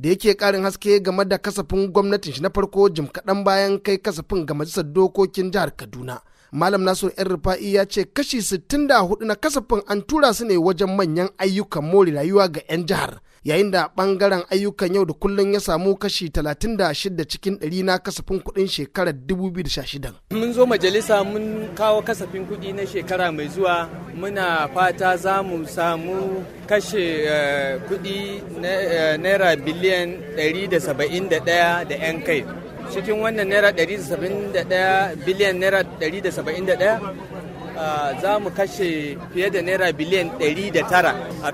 da yake karin haske game da kasafin gwamnatin shi na farko jim kaɗan bayan kai kasafin ga majalisar dokokin jihar kaduna malam nasiru yan rufa'i ya ce kashi 64 na kasafin an tura su ne wajen manyan ayyukan more rayuwa ga 'yan jihar yayin da bangaren ayyukan yau da kullum ya samu kashi 36 cikin 100 na kasafin kuɗin shekarar 2016. Mun zo majalisa mun kawo kasafin kuɗi na shekara mai zuwa muna fata za mu samu kashe eh, kuɗi eh, naira biliyan 171 da 'yan kai. Cikin wannan naira 171 biliyan naira 171 ah, za mu kashe fiye da naira biliyan 109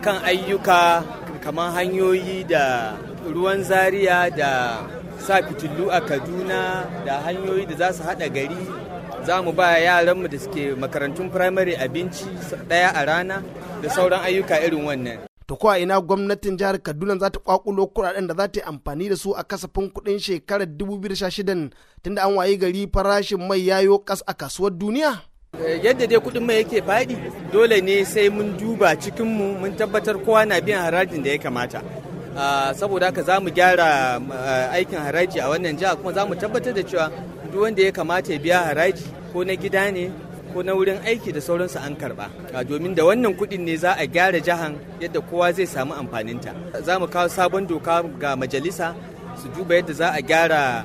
kan ayyuka kamar hanyoyi da ruwan zaria da sa fitilu a kaduna da hanyoyi da za su haɗa gari za mu ba yaranmu da suke makarantun firamare abinci daya a rana da sauran ayyuka irin wannan to ko a ina gwamnatin jihar kaduna za ta kwakulo kuɗaɗen da za ta yi amfani da su a kasafin kuɗin shekarar 2016 tunda an wayi gari farashin mai yayo kas a kasuwar duniya yadda dai kudin mai yake fadi dole ne sai mun duba cikinmu mun tabbatar kowa na biyan harajin da ya kamata saboda haka za mu gyara aikin haraji a wannan jiha kuma za mu tabbatar da cewa duk wanda ya kamata ya biya haraji ko na gida ne ko na wurin aiki da sauransu an karba domin da wannan kudin ne za a gyara jihan yadda kowa zai samu amfaninta za mu kawo sabon doka ga majalisa su duba yadda za a gyara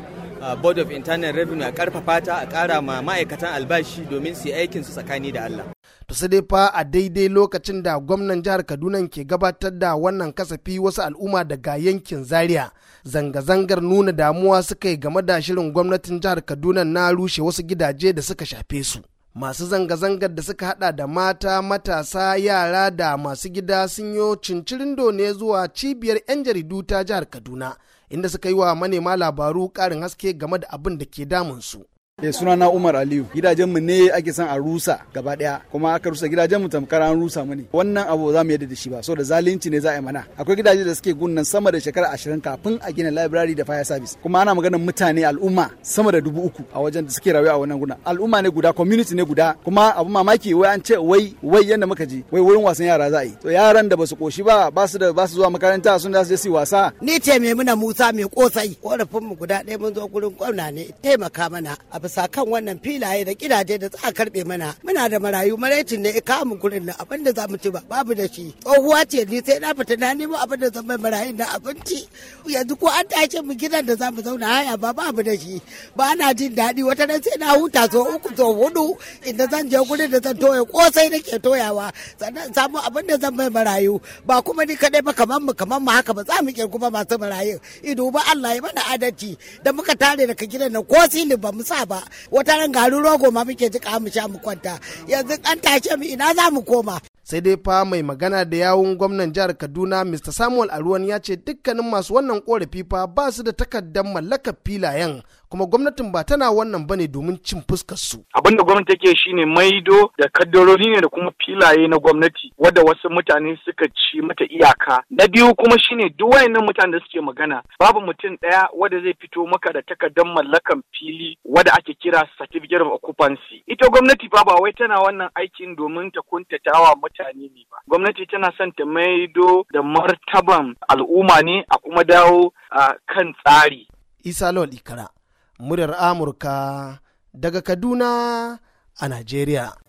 board of internal revenue a karfafa ta a kara ma ma'aikatan albashi domin su yi aikin su tsakani da Allah. To sai dai fa a daidai lokacin da gwamnan jihar Kaduna ke gabatar da wannan kasafi wasu al'umma daga yankin Zaria zanga-zangar nuna damuwa suka yi game da shirin gwamnatin jihar Kaduna na rushe wasu gidaje da suka shafe su. masu zanga-zangar da suka hada da mata matasa yara da masu gida sun yi cincirindo ne zuwa cibiyar 'yan jaridu ta jihar kaduna inda suka yi wa manema labaru ƙarin haske game da abin da ke damunsu. E eh, na Umar Aliyu. gidajen mu ne ake son a rusa gaba daya kuma aka rusa gidajen mu tamkar an rusa mu ne. Wannan abu za mu yadda da shi ba so da zalunci ne za a yi mana. Akwai gidaje da suke gunnan sama da shekara ashirin kafin a gina library da fire service. Kuma ana magana mutane al'umma sama da dubu uku a wajen da suke rawe a wannan guna. Al'umma ne guda community ne guda kuma abu mamaki wai an ce wai wai yanda muka ji wai wurin wasan yara za a yi. To yaran da ba su koshi ba ba su da ba su zuwa makaranta sun da su je su wasa. Ni ce mai muna Musa mai kosai. Korafin mu guda ɗaya mun zo gurin gwamna ne taimaka mana a marasa kan wannan filaye da gidaje da za a karbe mana muna da marayu maraicin ne ka mu gurin na abin da za mu ci ba babu da shi tsohuwa ce ni sai na fita na nemo abin da zan mai marayun na abinci yanzu ko an tashi mu gidan da za mu zauna haya ba babu da shi ba na jin daɗi wata nan sai na huta so uku so hudu inda zan je gurin da zan toya kosai nake toyawa sannan samu abin da zan mai marayu ba kuma ni kadai ba kaman mu kaman mu haka ba za mu kirku kuma masu marayu ido ba Allah ya mana adalci da muka tare daga gidan nan ko silin ba mu sa ba wata ran garin rogo ma muke jika mu sha mu kwanta yanzu an tashe mu ina za mu koma sai dai fa mai magana da yawun gwamnan jihar kaduna mr samuel aruwan ya ce dukkanin masu wannan korafi fa ba su da takardar mallakar filayen kuma gwamnatin ba tana wannan bane domin cin fuskar su abin da gwamnati take shine maido da kaddarori ne da kuma filaye na gwamnati wadda wasu mutane suka ci mata iyaka na biyu kuma shine duk wayannan mutane da suke magana babu mutum daya wanda zai fito maka da takardar mallakan fili wadda ake kira certificate of occupancy ita gwamnati ba ba wai tana wannan aikin domin ta kuntatawa mutane mutane ne ba gwamnati tana son ta maido da martaban al'umma ne a kuma dawo a kan tsari isa lawal ikara muryar amurka daga kaduna a najeriya